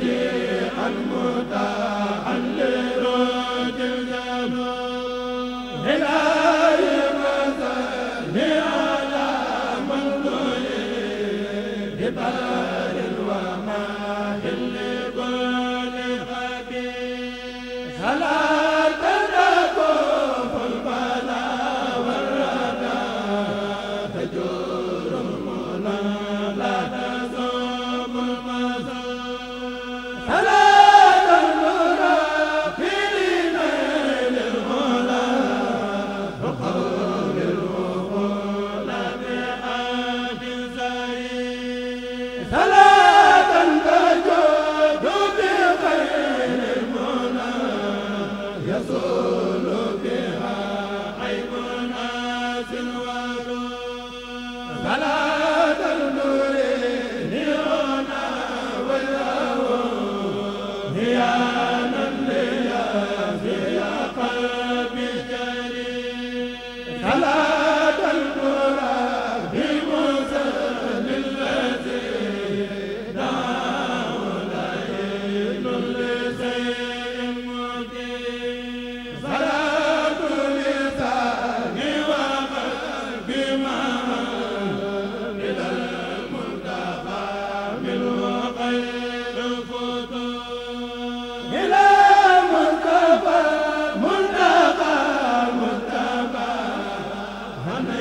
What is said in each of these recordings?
Deus. Jésus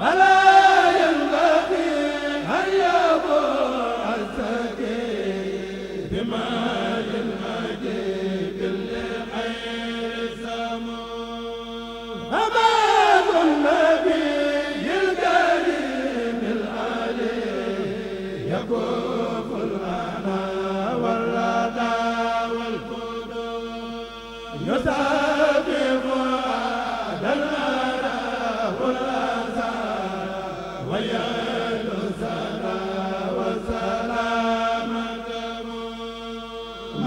ala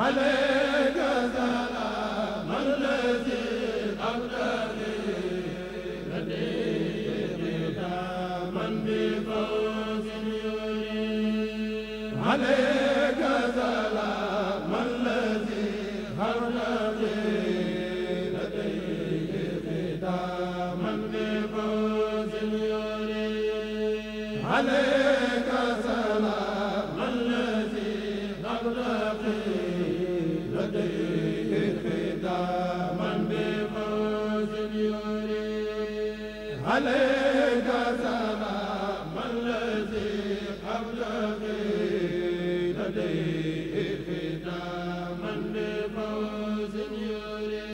عليك سلام الذي هرنا ale